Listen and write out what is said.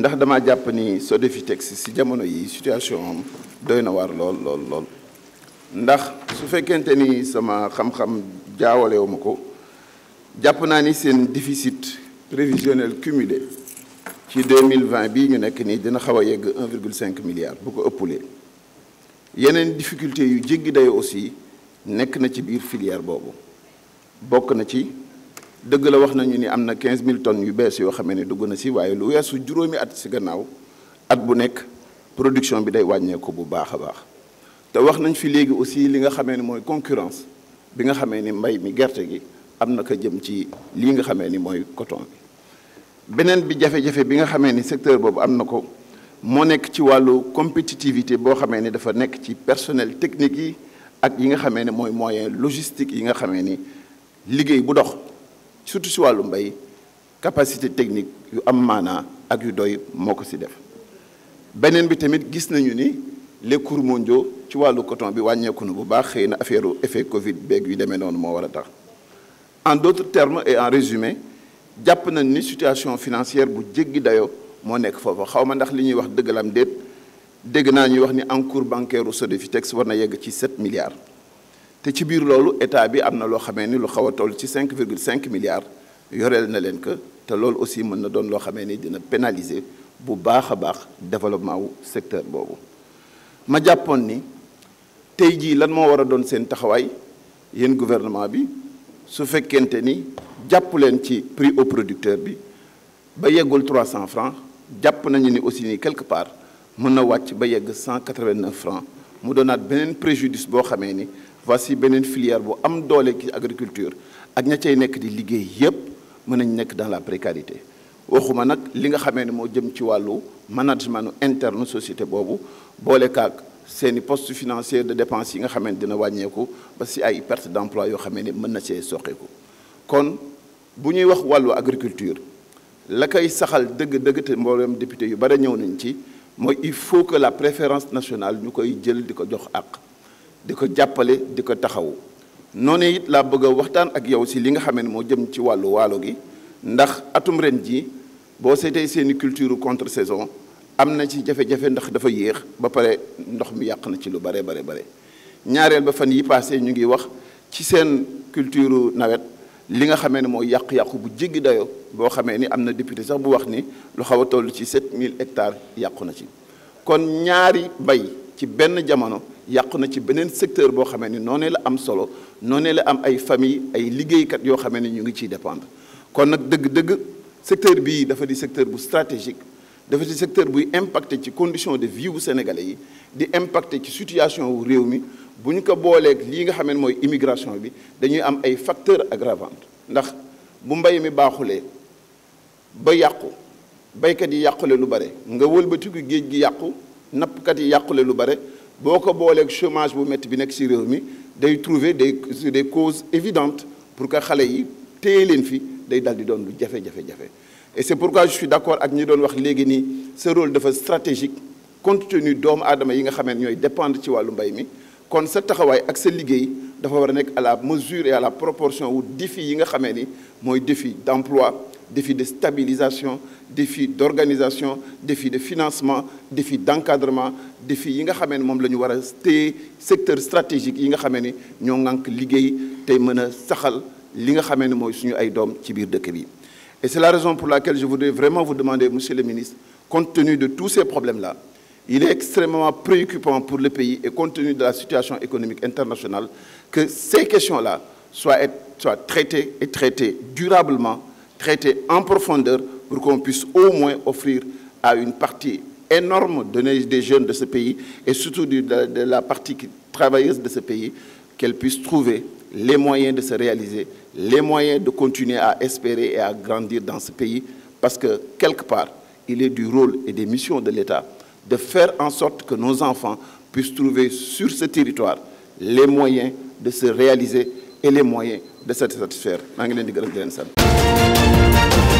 ndax dama japp ni Sodefitex si jamono yi situation am doy war lol lol lol ndax su fekkente ni sama xam-xam jaawale wumako japp na ni sen déficit prévisionnel cumulé ci 2020 bi ñu nek ni dina xaw yegg 1,5 milliard bu ko ëppulé yenen difficulté yu jéggi day aussi nek na ci biir filière bobu bok na ci deug la wax nañu ni amna 15000 tonnes yu bees yo xamé ni duguna ci waye lu wessu juromi at ci gannaaw at bu nek production bi day ko bu baax baax te wax nañ fi légui aussi li nga xamé ni moy concurrence bi nga xamé ni mbay mi gerté gi amna ko jëm ci li nga xamé ni moy coton bi beneen bi jafé jafé bi nga xamé ni secteur bobu amna ko mo nek ci walu compétitivité bo xamé ni dafa nek ci personnel technique yi ak yi nga xamé ni moy moyen logistique yi nga xamé ni liggéey bu dox surtout si wàllu mbay capacité technique yu am mana ak yu doy moko ko si def benen bi tamit gis nañu ni les cours mondiaux ci wàllu coton bi wàññeeku nu bu baax xeyna affaire effet Covid beug yu demé non mo wara tax en d'autres termes et en résumé japp nañ ni situation financière bu djeggi dayo mo nek fofu xawma ndax li ñuy wax dëgg la am déet ñuy wax ni cours bancaire au Sodefitex war na yegg ci 7 milliards te ci biir loolu état bi amna lo xamé ni lu xaw toll ci 5,5 milliards yoreel na len que té loolu aussi mën doon lo xamé ni dina pénaliser bu baax a baax développement secteur bobu ma japon ni tey jii lan mo wara doon sen taxaway yeen gouvernement bi su fekente ni jàpp len ci prix au producteur bi ba yeggul 300 francs jàpp nañu ni aussi ni quelque part mën wacc ba yegg 189 francs mu doonaat benen préjudice bo xamé ni voici benen filière bu am doole ci agriculture ak ña cay nekk di liggéey yépp mën nañ nekk dans la précarité waxuma nag li nga xamee ne moo jëm ci wàllu management interne société boobu boole kaag seeni poste financier de dépense yi nga xamee dina wàññeeku ba si ay perte d'emploi yoo xamee ne mën na see soqeeku kon bu ñuy wax wàllu agriculture la koy saxal dëgg-dëgg te mboolem député yu bare ñëw nañ ci mooy il faut que la préférence nationale ñu koy jël di ko jox àq di ko jàppale di ko taxawu noonu it laa bëgg a waxtaan ak yow si li nga xamee ne moo jëm ci wàllu waalo gi ndax atum ren ji boo seetee seeni culture contre saison am na ci jafe-jafe ndax dafa yéex ba pare ndox mi yàq na ci lu bare bare bare ñaareel ba fan yi paase ñu ngi wax ci seen culture nawet li nga xamee ne mooy yàq yàqu bu jéggi dayoo boo xamee ni am na député sax bu wax ni lu xaw a toll ci mille hectares yàqu na ci kon ñaari bay ci benn jamono yàqu na ci beneen secteur boo xamee ni noonee la am solo noonee la am ay famille ay liggéeykat yoo xamee ni ñu ngi ciy dépendre kon nag dëgg-dëgg secteur bii dafa di secteur bu stratégique dafa di secteur buy impacté ci condition de vie bu sénégalais yi di impacté ci situation wu réew mi bu ñu ko booleeg lii nga xam ne mooy immigration bi dañuy am ay facteurs aggravants ndax bu mbay mi baaxulee ba yàqu baykat yi yàqule lu bare nga wëlbati wëlbatiku géej gi yàqu nappkat yi yàqule lu bare Beaucoup de chômage bu métti bi nekk ci réew day trouver des des causes évidentes pour que xale yi téye leen fi day dal di doon et c'est pourquoi je suis d'accord ak ñi doon wax ce rôle dafa stratégique compte tenu doomu aadama yi nga xam ne ñooy dépendre ci wàllu mbay mi kon sa taxawaay ak sa liggéey dafa à la mesure et à la proportion wu défi yi nga xamee ni défi d'emploi défi de stabilisation défi d'organisation défi de financement défi d'encadrement défi yi nga mom secteur stratégique yi nga ñoo ngank liggéey té mëna saxal li nga Et c'est la raison pour laquelle je voudrais vraiment vous demander, Monsieur le ministre, compte tenu de tous ces problèmes-là, il est extrêmement préoccupant pour le pays et compte tenu de la situation économique internationale, que ces questions-là soient, soient traitées et traitées durablement traiter en profondeur pour qu'on puisse au moins offrir à une partie énorme des jeunes de ce pays et surtout de, de la partie travailleuse de ce pays qu'elle puisse trouver les moyens de se réaliser, les moyens de continuer à espérer et à grandir dans ce pays parce que quelque part, il est du rôle et des missions de l'État de faire en sorte que nos enfants puissent trouver sur ce territoire les moyens de se réaliser et les moyens de se satisfaire. Thank you